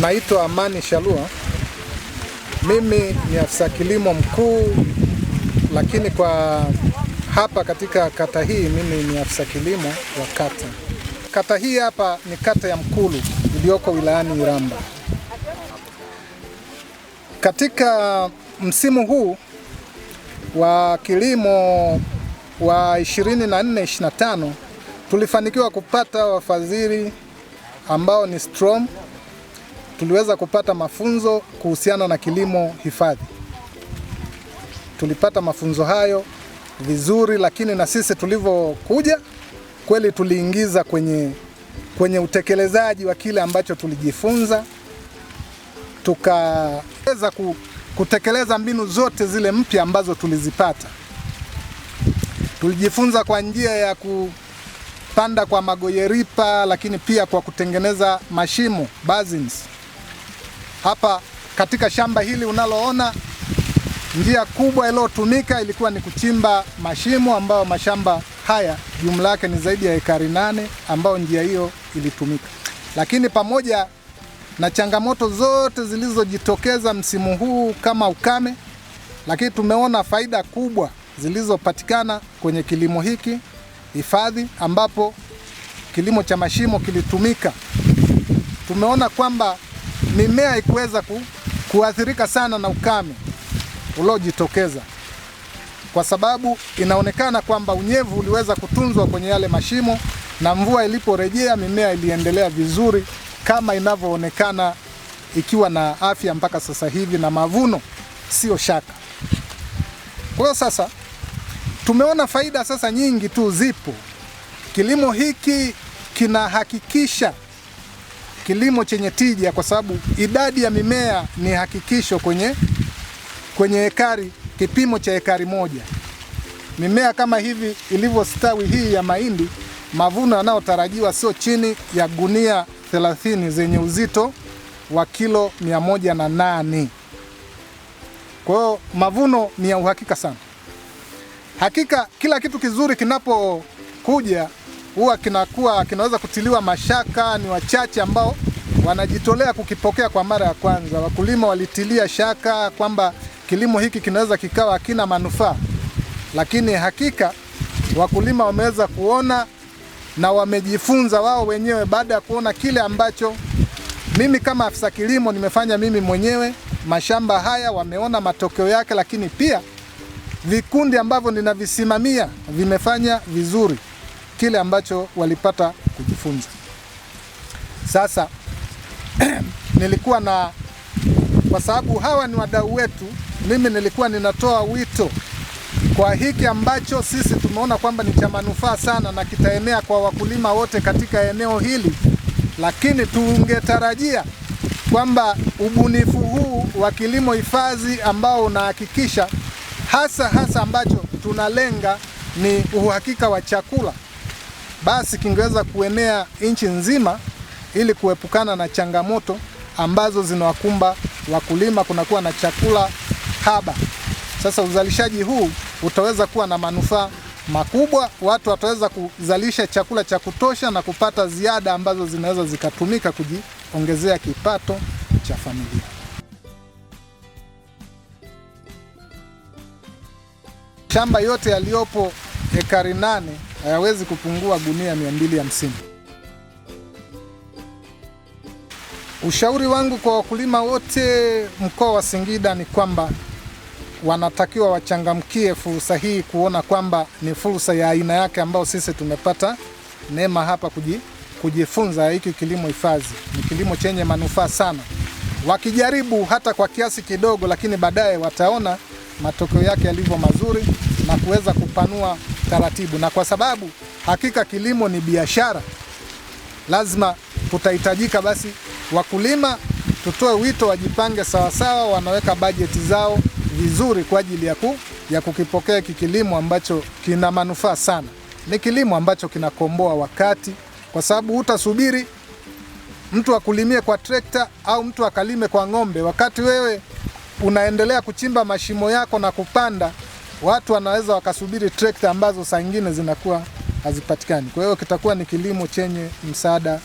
Naitwa Amani Shalua, mimi ni afisa kilimo mkuu, lakini kwa hapa katika kata hii mimi ni afisa kilimo wa kata. Kata hii hapa ni kata ya Mkulu iliyoko wilayani Iramba. Katika msimu huu wa kilimo wa 24 25 tulifanikiwa kupata wafadhili ambao ni Strom tuliweza kupata mafunzo kuhusiana na kilimo hifadhi. Tulipata mafunzo hayo vizuri, lakini na sisi tulivyokuja kweli tuliingiza kwenye, kwenye utekelezaji wa kile ambacho tulijifunza, tukaweza kutekeleza mbinu zote zile mpya ambazo tulizipata. Tulijifunza kwa njia ya kupanda kwa magoyeripa, lakini pia kwa kutengeneza mashimo basins. Hapa katika shamba hili unaloona, njia kubwa iliyotumika ilikuwa ni kuchimba mashimo, ambayo mashamba haya jumla yake ni zaidi ya ekari nane, ambayo njia hiyo ilitumika. Lakini pamoja na changamoto zote zilizojitokeza msimu huu kama ukame, lakini tumeona faida kubwa zilizopatikana kwenye kilimo hiki hifadhi, ambapo kilimo cha mashimo kilitumika. Tumeona kwamba mimea ikuweza ku, kuathirika sana na ukame uliojitokeza, kwa sababu inaonekana kwamba unyevu uliweza kutunzwa kwenye yale mashimo, na mvua iliporejea mimea iliendelea vizuri kama inavyoonekana ikiwa na afya mpaka sasa hivi, na mavuno sio shaka. Kwa hiyo sasa tumeona faida sasa nyingi tu zipo. Kilimo hiki kinahakikisha kilimo chenye tija, kwa sababu idadi ya mimea ni hakikisho kwenye, kwenye ekari, kipimo cha ekari moja. Mimea kama hivi ilivyostawi hii ya mahindi, mavuno yanayotarajiwa sio chini ya gunia 30 zenye uzito wa kilo 108. Kwa hiyo mavuno ni ya uhakika sana. Hakika kila kitu kizuri kinapokuja huwa kinakuwa kinaweza kutiliwa mashaka, ni wachache ambao wanajitolea kukipokea kwa mara ya kwanza. Wakulima walitilia shaka kwamba kilimo hiki kinaweza kikawa hakina manufaa, lakini hakika wakulima wameweza kuona na wamejifunza wao wenyewe baada ya kuona kile ambacho mimi kama afisa kilimo nimefanya mimi mwenyewe. Mashamba haya wameona matokeo yake, lakini pia vikundi ambavyo ninavisimamia vimefanya vizuri kile ambacho walipata kujifunza. Sasa nilikuwa na, kwa sababu hawa ni wadau wetu, mimi nilikuwa ninatoa wito kwa hiki ambacho sisi tumeona kwamba ni cha manufaa sana na kitaenea kwa wakulima wote katika eneo hili, lakini tungetarajia kwamba ubunifu huu wa kilimo hifadhi ambao unahakikisha hasa hasa ambacho tunalenga ni uhakika wa chakula basi kingeweza kuenea nchi nzima ili kuepukana na changamoto ambazo zinawakumba wakulima, kunakuwa na chakula haba. Sasa uzalishaji huu utaweza kuwa na manufaa makubwa, watu wataweza kuzalisha chakula cha kutosha na kupata ziada ambazo zinaweza zikatumika kujiongezea kipato cha familia. Shamba yote yaliyopo ekari nane hayawezi kupungua gunia 250. Ushauri wangu kwa wakulima wote mkoa wa Singida ni kwamba wanatakiwa wachangamkie fursa hii, kuona kwamba ni fursa ya aina yake ambayo sisi tumepata neema hapa kuji, kujifunza hiki kilimo hifadhi. Ni kilimo chenye manufaa sana, wakijaribu hata kwa kiasi kidogo, lakini baadaye wataona matokeo yake yalivyo mazuri na kuweza kupanua taratibu, na kwa sababu hakika kilimo ni biashara, lazima tutahitajika basi wakulima tutoe wito wajipange sawasawa, wanaweka bajeti zao vizuri kwa ajili ya, ku, ya kukipokea hiki kilimo ambacho kina manufaa sana. Ni kilimo ambacho kinakomboa wakati, kwa sababu hutasubiri mtu akulimie kwa trekta au mtu akalime kwa ng'ombe, wakati wewe unaendelea kuchimba mashimo yako na kupanda watu wanaweza wakasubiri trekta ambazo saa nyingine zinakuwa hazipatikani. Kwa hiyo kitakuwa ni kilimo chenye msaada.